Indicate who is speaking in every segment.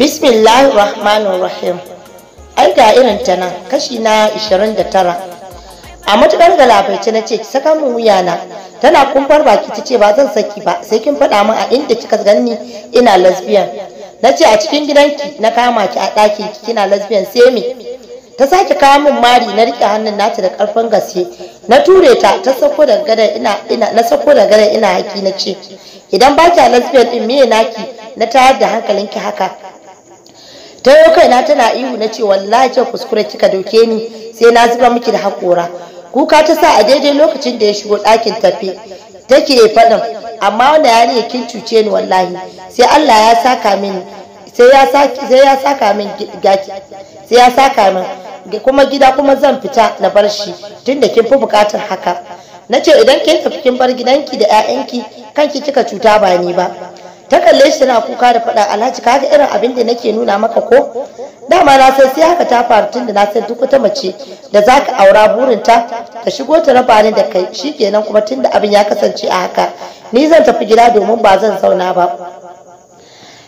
Speaker 1: bismillah rahmanir rahim ai ga irin ta nan kashi na 29 a matukar galabace na ce ki saka min wuya na tana kumfar baki ta ce ba zan saki ba sai kin faɗa min a inda kika ganni ina lesbian na ce a cikin gidanki na kama ki a ɗakin ki kina lesbian sai me ta sake kawo min mari na rike hannun nata da ƙarfin gaske na ture ta ta sako da gadar ina ina na sako da gadar ina haki na ce idan ba ki lesbian din me naki na tayar da hankalinki haka ta yau kaina tana ihu na ce wallahi ce kuskure kika doke ni sai na zuba miki da hakora kuka ta sa a daidai lokacin da ya shigo ɗakin tafe take faɗin amma wanda ya ne kin cuce ni wallahi sai Allah ya saka min sai ya saka sai ya saka min gaki sai ya saka min kuma gida kuma zan fita na bar shi tunda kin fi bukatar haka nace idan kin tafi kin bar gidanki da 'ya'yanki, kanki kika cuta ba ni ba ta kalle shi tana kuka da faɗa alhaji kaga irin abin da nake nuna maka ko dama na san sai haka ta faru tun da na san duk wata mace da zaka aura burinta ta shigo ta raba ni da kai shi shikenan kuma tun da abin ya kasance a haka ni zan tafi gida domin ba zan zauna ba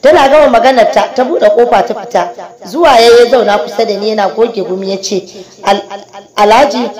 Speaker 1: tana gama maganar ta ta buɗe kofa ta fita zuwa yayi zauna kusa da ni yana goge gumi yace alhaji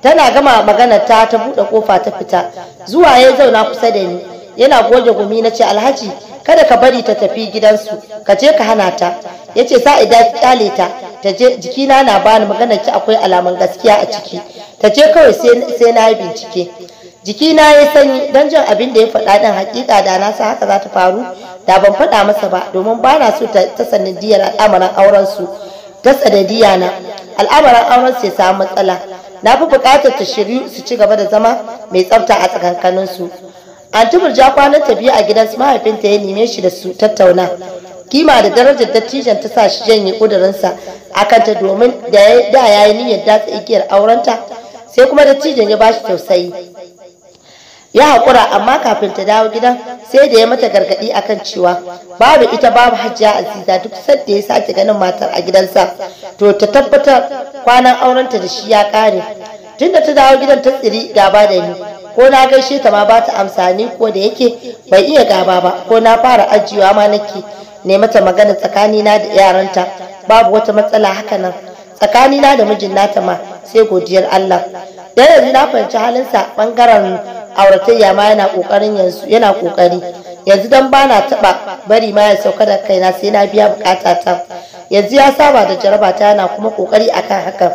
Speaker 1: tana gama maganar ta ta buɗe kofa ta fita zuwa yayi zauna kusa da ni yana goge gumi na ce alhaji kada ka bari ta tafi gidansu ka je ka hana ta ya ce sa idan kyale ta ta je jikina na bani magana ki akwai alamun gaskiya a ciki ta je kawai sai na yi bincike jikina ya sanyi don jin abin da ya faɗa ɗin hakika da na sa haka za ta faru da ban faɗa masa ba domin ba na so ta sanadiyar al'amarin aurensu ta sanadiyya na al'amarin aurensu ya samu matsala na fi buƙatar ta shiryu su ci gaba da zama mai tsafta a tsakankaninsu anti murja kwanan tafiya a gidan su mahaifinta ya neme shi da su tattauna kima da darajar dattijan ta sa shi janye kudurinsa a kanta domin da ya yi niyyar datsa igiyar aurenta sai kuma dattijan ya bashi tausayi ya haƙura amma kafin ta dawo gidan sai da ya mata gargaɗi akan cewa babu ita babu Hajiya, aziza duk sadda ya sake ganin matar a gidansa to ta tabbatar kwanan aurenta da shi ya ƙare tunda ta dawo gidan ta tsiri gaba da ni ko na gaishe ta ma ba ta amsa ni ko da yake bai iya gaba ba ko na fara ajiyewa ma nake ne mata magana tsakanina da yaranta babu wata matsala haka nan tsakanina da mijin nata ma sai godiyar Allah da yanzu na fahimci sa bangaren auratayya ma yana kokarin yanzu yana kokari yanzu dan bana taba bari ma ya sauka da kaina sai na biya bukata ta yanzu ya saba da jaraba ta yana kuma kokari akan haka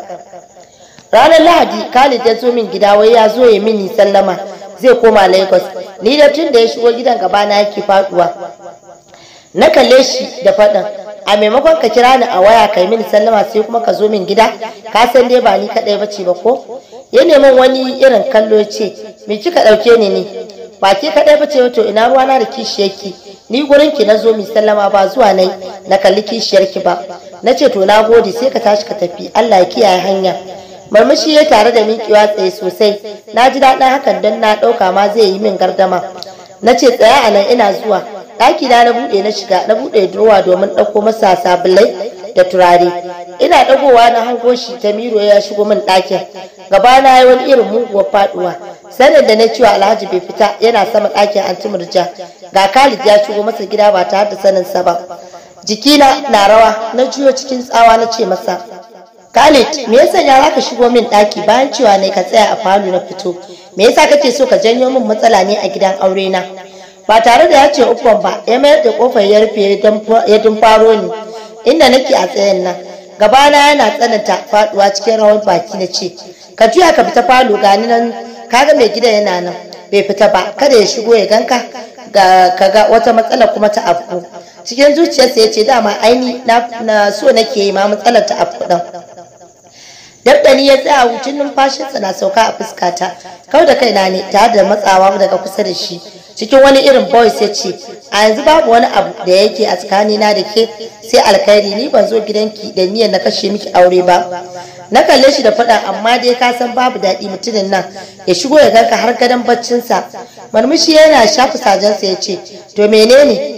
Speaker 1: ranar lahadi khalid ya zo min gida wai ya zo ya mini sallama zai koma lagos ni da tun da ya shigo gidan gaba na yake faduwa na kalle shi da faɗin a maimakon ka kira ni a waya kai mini sallama sai kuma ka zo min gida ka san dai ba ni kaɗai bace ba ko ya neman wani irin kallo ya ce me kika ɗauke ni ne ba ke kaɗai bace ba to ina ruwana da kishiyarki ni gurin ki na zo mi sallama ba zuwa nai na kalli kishiyarki ba na ce to na gode sai ka tashi ka tafi Allah ya kiyaye hanya murmushi ya tare da miƙewa tsaye sosai na ji daɗin hakan don na ɗauka ma zai yi min gardama na ce tsaya a nan ina zuwa ɗaki na buɗe na shiga na buɗe durowa domin ɗauko masa sabulai da turare ina ɗagowa na hango shi ta miro ya shigo min ɗakin gaba na yi wani irin muguwar faɗuwa sanin da na cewa alhaji bai fita yana sama ɗakin anti murja ga khalid ya shigo masa gida ba tare da sanin sa ba jikina na rawa na juyo cikin tsawa na ce masa Khalid, me yasa ya zaka shigo min ɗaki bayan cewa ne ka tsaya a falo na fito? Me yasa kake so ka janyo min matsala ne a gidan aure na? Ba tare da ya ce ukon ba, ya mayar da kofar ya rufe ya dumfaro ni. Inda nake a tsayen nan, gabana yana tsananta faduwa cikin rawar baki na ce, ka juya ka fita falo gani nan, kaga mai gidan yana nan, bai fita ba, kada ya shigo ya ganka ga kaga wata matsala kuma ta afku. Cikin zuciyarsa ya ce dama aini na so nake yi ma matsalar ta afku ɗan. Dabdani ya tsaya hucin numfashinsa na sauka a fuskata. Kau da kaina ne tare da matsawa daga kusa da shi. Cikin wani irin voice ya ce, "A yanzu babu wani abu da yake a tsakanina da ke sai alkhairi ni ban zo gidanki da miyan na kashe miki aure ba." Na kalle shi da faɗa amma dai ka san babu daɗi mutumin nan ya shigo ya ganka har gadon baccinsa. Marmushi yana shafa sajensa ya ce, "To menene?"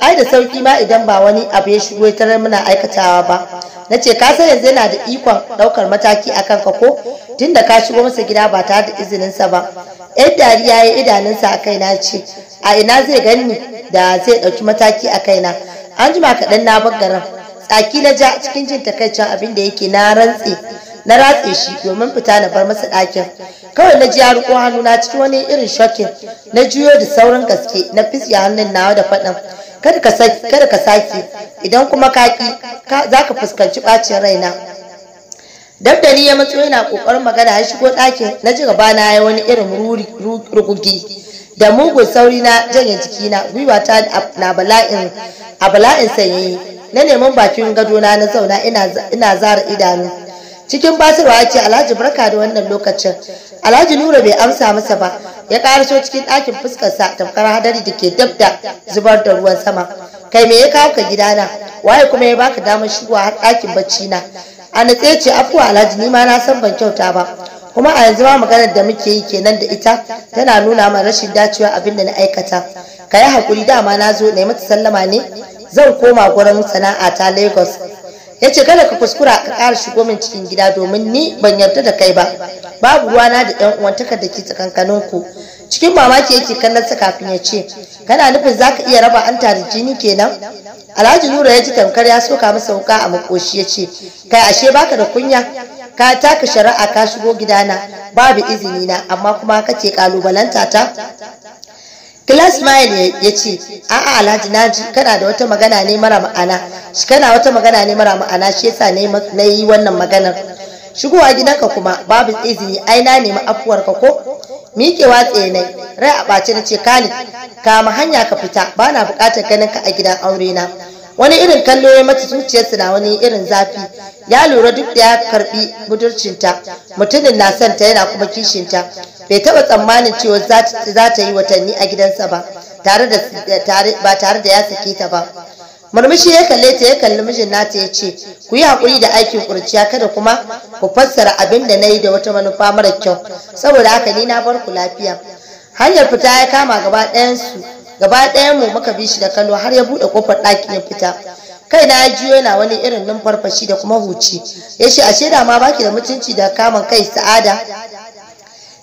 Speaker 1: ai da sauki ma idan ba wani abu ya shigo tarar muna aikatawa ba na ce ka san yanzu yana da ikon ɗaukar mataki a kanka ko tun da ka shigo masa gida ba tare da izininsa ba yan dariya ya yi idanunsa a kaina ce a ina zai gani da zai ɗauki mataki a kaina an jima kaɗan na bangaren tsaki na ja cikin jin takaicin abin da yake na rantse na ratse shi domin fita na bar masa ɗakin kawai na ji ya hannu na cikin wani irin shokin na juyo da saurin gaske na fisya hannun nawa da faɗin kada ka sake idan kuma ka za ka fuskanci ɓacin raina dabdani ya matso yana ƙoƙarin magana ya shigo ɗakin na ji gabana ya wani irin rugugi da mugun sauri na janye jikina gwiwata na bala'in a bala'in sanyi na neman bakin gadona na zauna ina zara idanu cikin batarwa ya ce alhaji barka da wannan lokacin alhaji nura bai amsa masa ba ya karaso cikin ɗakin fuskarsa tamkar hadari da ke dab da zubar da ruwan sama kai me ya kawo ka gidana waye kuma ya baka damar shigowa har ɗakin bacci na a natse ce afuwa alhaji ni ma na san ban kyauta ba kuma a yanzu ma maganar da muke yi kenan da ita tana nuna min rashin dacewa abin da na aikata ka yi hakuri dama na zo na yi mata sallama ne zan koma gurin sana'a ta lagos ya ce kada ka kuskura ka kara shigo min cikin gida domin ni ban yarda da kai ba babu ruwana da ɗan takar da ke tsakankanin ku cikin mamaki yake kallon sa kafin ya ce kana nufin za ka iya raba anta da jini kenan alhaji nura ya ji tamkar ya soka masa wuka a makoshi ya ce kai ashe baka da kunya ka taka shari'a ka shigo gidana babu izini na amma kuma kake kalubalanta ta Glass ya ce, "A'a Alhaji Naji, kana da wata magana ne mara ma'ana, shi kana wata magana ne mara ma'ana shi yasa na yi wannan maganar. Shigowa gidanka kuma babu izini ai na nemi afuwarka ko? watsa tsaye nai, rai a ɓace na ce Khalid, kama hanya ka fita, ba na buƙatar ganin ka a gidan aure na. Wani irin kallo ya mata zuciyarsa na wani irin zafi, ya lura duk da ya karɓi budurcinta, mutumin na son ta yana kuma kishinta. bai taba tsammanin cewa za ta yi watanni a gidansa ba ba tare da ya sake ta ba murmushi ya kalle ta ya kalli mijin nata ya ce ku yi hakuri da aikin ƙurciya kada kuma ku fassara abin da na yi da wata manufa mara kyau saboda haka ni na bar ku lafiya hanyar fita ya kama gaba ɗayansu gaba ɗayan mu muka bi shi da kallo har ya buɗe kofar ɗakin ya fita kai na jiyo yana wani irin numfarfashi da kuma huci ya ce ashe da ma baki da mutunci da kaman kai sa'ada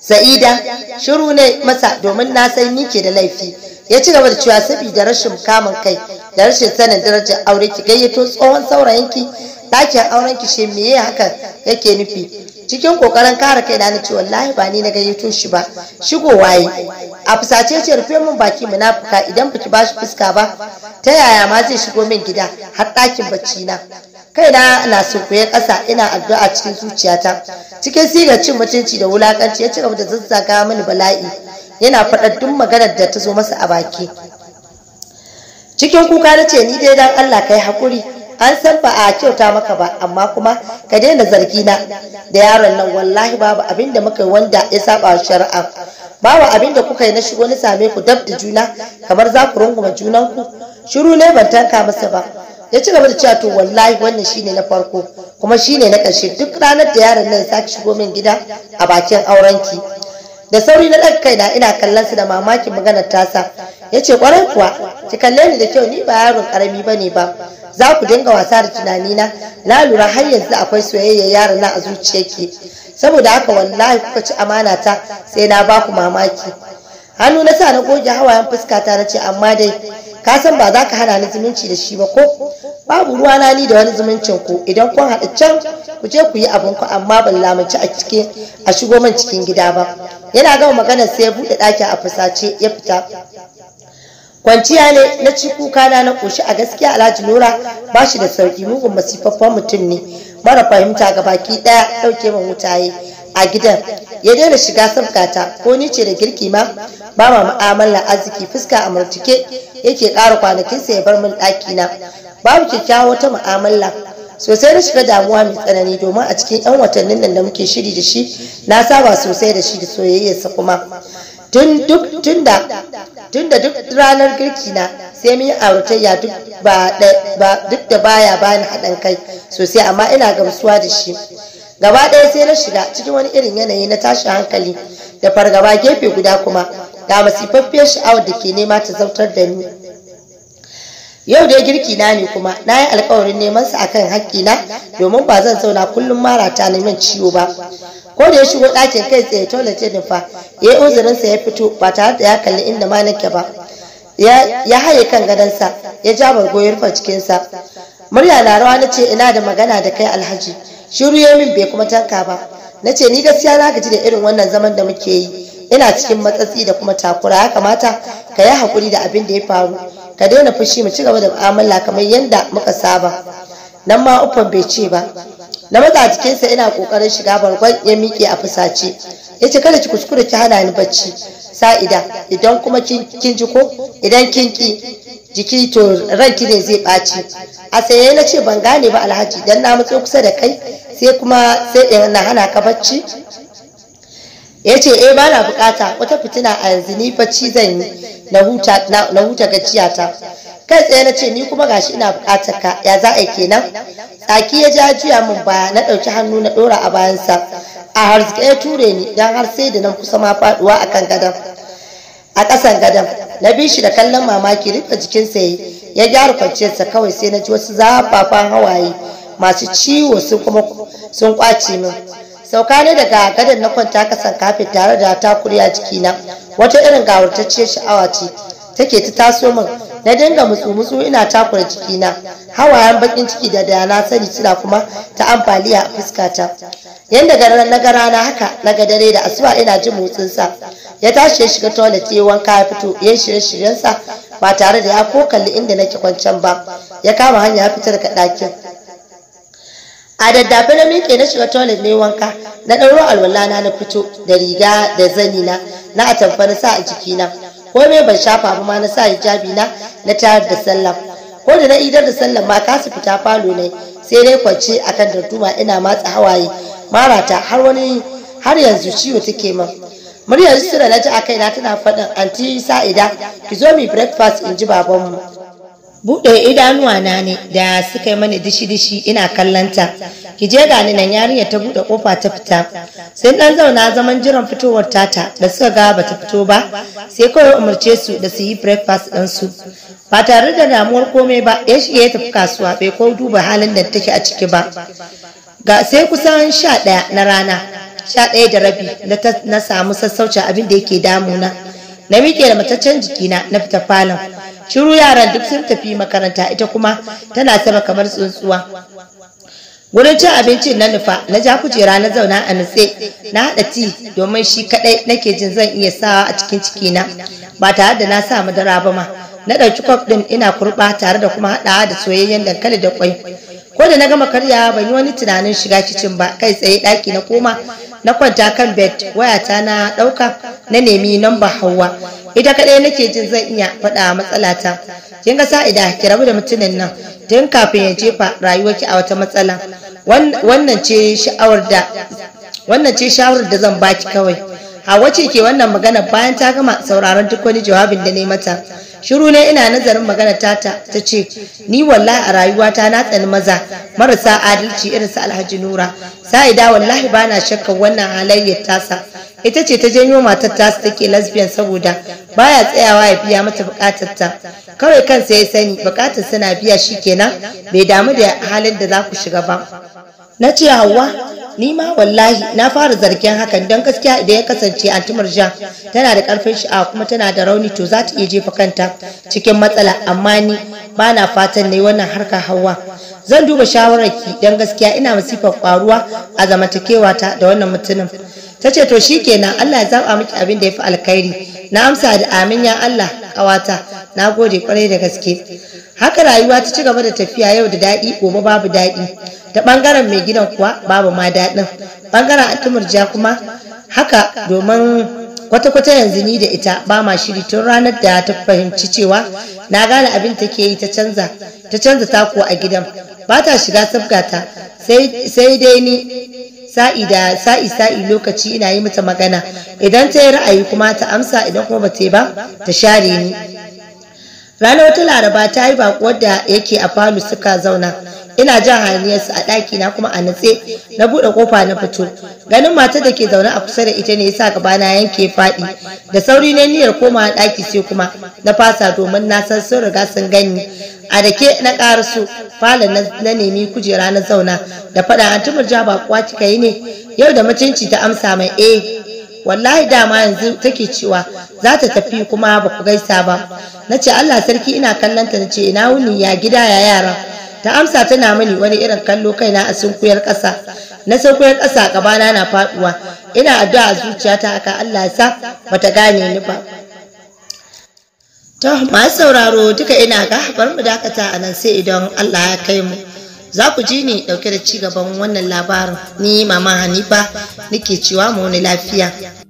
Speaker 1: Sa'ida shiru ne masa domin na san ni ke da laifi. Ya ci gaba da cewa saboda rashin kamun kai da rashin sanin darajar aure ki gayyato tsohon saurayinki ɗakin auren ki shi meye haka yake nufi. Cikin kokarin kare kai na ce wallahi ba ni na gayyato shi ba Shigo waye, A fusace ce rufe mun baki munafuka idan baki ba shi fuska ba ta yaya ma zai shigo min gida har ɗakin bacci na. kaina na sunkuye ƙasa ina addu'a cikin zuciyata cikin sigar cin mutunci da wulakanci ya ci gaba da zazzaga mini bala'i yana faɗar duk maganar da ta zo masa a baki cikin kuka na ce ni dai dan Allah kai hakuri an san ba a kyauta maka ba amma kuma ka daina zargi na da yaron nan wallahi babu abin da muka yi wanda ya saba shari'a babu abin da kuka yi na shigo na same ku dab da juna kamar za ku runguma junan ku shiru ne ban tanka masa ba ya ci gaba da cewa to wallahi wannan shine na farko kuma shine na ƙarshe duk ranar da yaron nan saki shigo min gida a bakin aurenki da sauri na ɗan kaina ina kallon su da mamakin maganar tasa ya ce ƙwarai kuwa ki kalle ni da kyau ni ba yaron ƙarami ba ne ba za ku dinga wasa da tunani na Na lura har yanzu akwai soyayyar yaron na a zuciyarki saboda haka wallahi kuka ci amana ta sai na baku mamaki hannu na sa na goge hawayen fuska ta na ce amma dai ka san ba za ka hana ni zumunci da shi ba ko babu ruwa na ni da wani zumuncin ku idan kun haɗu can ku je ku yi abin ku amma ban lamunci a cike a shigo man cikin gida ba yana gama maganar sai ya buɗe ɗakin a fusace ya fita kwanciya ne na ci kuka na na koshi a gaskiya alhaji nura ba shi da sauki mugun masifaffan mutum ne mara fahimta ga baki daya dauke wuta wutaye a gidan ya daina shiga sabkata ko ni ce da girki ma ba ma mu'amala arziki fuska a martike, yake ƙara kwanakinsa ya bar min ɗaki na babu kyakkyawa wata mu'amala sosai na shiga damuwa mai tsanani domin a cikin 'yan watannin nan da muke shiri da shi na saba sosai da shi da soyayyarsa kuma tun duk tun da tun da duk ranar girki na sai mun yi auratayya duk ba duk da baya bani haɗin kai sosai amma ina gamsuwa da shi gaba ɗaya sai na shiga cikin wani irin yanayi na tashin hankali da fargaba gefe guda kuma ga masifaffiyar sha'awar da ke nema ta zautar da ni yau dai girki na ne kuma na yi alkawarin neman sa akan na, domin ba zan zauna kullum mara ta neman ciwo ba ko da ya shigo ɗakin kai tsaye toilet ya nufa ya yi uzurin sa ya fito ba tare da ya kalli inda ma nake ba ya haye kan sa ya ja bargo ya rufe cikinsa murya na rawa na ce ina da magana da kai alhaji shiru ya min bai kuma tanka ba na ce ni gaskiya na gaji da irin wannan zaman da muke yi ina cikin matsatsi da kuma takura ya kamata ka yi hakuri da abin da ya faru ka daina fushi mu ci gaba da mu'amala kamar yadda muka saba nan ma uffan bai ce ba na maza a jikinsa ina kokarin shiga bargon ya miƙe a fusace ya ce kada ki kuskure ki hana ni bacci sa'ida idan kuma kin ji ko idan kin ki jiki to ranki ne zai ɓaci a saye na ce ban gane ba alhaji dan na matso kusa da kai sai kuma sai in na hana ka bacci ya ce eh ba na bukata wata fitina a yanzu ni bacci zan yi na huta gajiya ta kai tsaye na ce ni kuma gashi ina bukatar ka ya za a kenan tsaki ya ja juya min baya na ɗauki hannu na ɗora a bayansa a harzike ya ture ni dan har sai da nan kusa ma faɗuwa a kan gadon a ƙasan gadon na bi shi da kallon mamaki rika jikinsa ya gyara kwanciyarsa kawai sai na ji wasu zafafan hawaye masu ciwo sun kuma sun kwace min sauka ne daga gadon na kwanta kasan kafin tare da takuri a jikina wata irin gawurtacciyar sha'awa ce take ta taso min na dinga mutsu mutsu ina takura jikina hawayen bakin ciki da da na sani suna kuma ta amfaliya a fuskata yanda garan na garana haka na ga dare da asuba ina jin motsin sa ya tashi ya shiga toilet ya wanka ya fito ya shirye shiryen sa ba tare da ya ko kalli inda nake kwancan ba ya kama hanya ya fita daga ɗakin a daddafe na miƙe na shiga toilet ne wanka na ɗauro alwala na na fito da riga da zani na na atamfa na sa a jikina me ban shafa ba ma na sa hijabi na na tayar da sallah ko da na idar da sallah ma kasu fita falo ne sai dai kwance akan darduma ina matsa hawaye marata har wani har yanzu ciwo take min muryar sura na ji a kaina tana faɗin anti sa'ida ki zo mi breakfast in ji babanmu buɗe idanuwa na ne da suka yi mani dishi-dishi ina kallanta ki je gani nan yarinyar ta buɗe ƙofa ta fita sai ɗan zauna zaman jiran fitowar tata da suka ga ba ta fito ba sai kawai umarce su da su yi breakfast su ba tare da damuwar komai ba ya shiga ya tafi kasuwa bai ko duba halin da take a ciki ba ga sai kusan sha ɗaya na rana sha ɗaya da rabi na samu sassaucin abin da yake damuna na miƙe da mataccen jikina na fita falon shiru yaran duk sun tafi makaranta ita kuma tana sama kamar tsuntsuwa wurin cin abinci na nufa na ja kujera na zauna a nutse na haɗa ti domin shi kaɗai nake jin zan iya sawa a cikin cikina ba tare da na sa madara ba ma na ɗauki kwaf ɗin ina kurɓa tare da kuma haɗawa da soyayyen dankali da kwai ko da na gama karya ban yi wani tunanin shiga kicin ba kai tsaye ɗaki na koma na kwanta kan bed wayata na ɗauka na nemi namba hawa ita kaɗai nake jin zan iya matsala ta. kin ga sa'ida ki rabu da mutumin nan tun kafin ya jefa rayuwarki a wata matsala wannan ce sha'awar da wannan ce shawarar da zan baki kawai Hawa ce ke wannan magana bayan ta gama sauraron duk wani jawabin da ne mata. Shiru ne ina nazarin magana tata ta ce, Ni wallahi a rayuwata na tsani maza marasa adalci irin su Alhaji Nura. Sa'ida wallahi ba na shakkan wannan halayyar tasa. Ita ce ta janyo matar tasa take lesbian saboda baya tsayawa ya biya mata bukatarta ta. Kawai kansa ya sani bukatar suna biya shikenan bai damu da halin da za ku shiga ba. na ce Hauwa. ni ma wallahi na fara zargin hakan don gaskiya idan ya kasance antimar jan tana da karfin sha'awa kuma tana da rauni to za ta iya jefa kanta cikin matsala amma ni ba na fatan na yi wannan harkar Hauwa. zan duba shawararki don gaskiya ina masifar kwaruwa a zamantakewa ta da wannan mutumin ta ce to kenan allah ya zaba miki abin da ya fi alkhairi na amsa da amin ya allah ƙawata na gode kwarai da gaske haka rayuwa ta ci gaba da tafiya yau da daɗi gobe babu daɗi ta ɓangaren mai gidan kuwa babu ma daɗin ɓangaren atumurja kuma haka domin kwata-kwata yanzu ni da ita ba ma shiri tun ranar da ta fahimci cewa na gane abin take yi ta canza ta canza tako a gidan ba ta shiga sabgata sai dai ni sa'i da sa'i sa'i lokaci ina yi mata magana idan ta yi ra'ayi kuma ta amsa idan kuma ba ta yi ba ta share ni ranar wata laraba ta yi baƙuwar da yake a falo suka zauna ina jan haniyarsu a ɗaki na kuma a natse na buɗe kofa na fito ganin matar da ke zaune a kusa da ita ne yasa gaba na yanke faɗi da sauri na niyyar komawa ɗaki sai kuma na fasa domin na san sun riga sun gani a dake na karasu falon na nemi kujera na zauna da faɗa an tumur ja bakuwa kika yi ne yau da mutunci ta amsa mai eh wallahi dama yanzu take cewa za ta tafi kuma ba ku gaisa ba na ce allah sarki ina kallon ta na ce ina wuni ya gida ya yara ta amsa tana mani wani irin kallo kaina a sunkuyar ƙasa na sunkuyar ƙasa gabana na faɗuwa ina addu'a zuciyata akan allah ya sa bata gane ni ba to masu sauraro duka ina ga bar mu dakata a nan sai idan Allah ya kai mu za ku ji ni dauke da ci gaban wannan labarin ni mama Hanifa nake cewa mu wani lafiya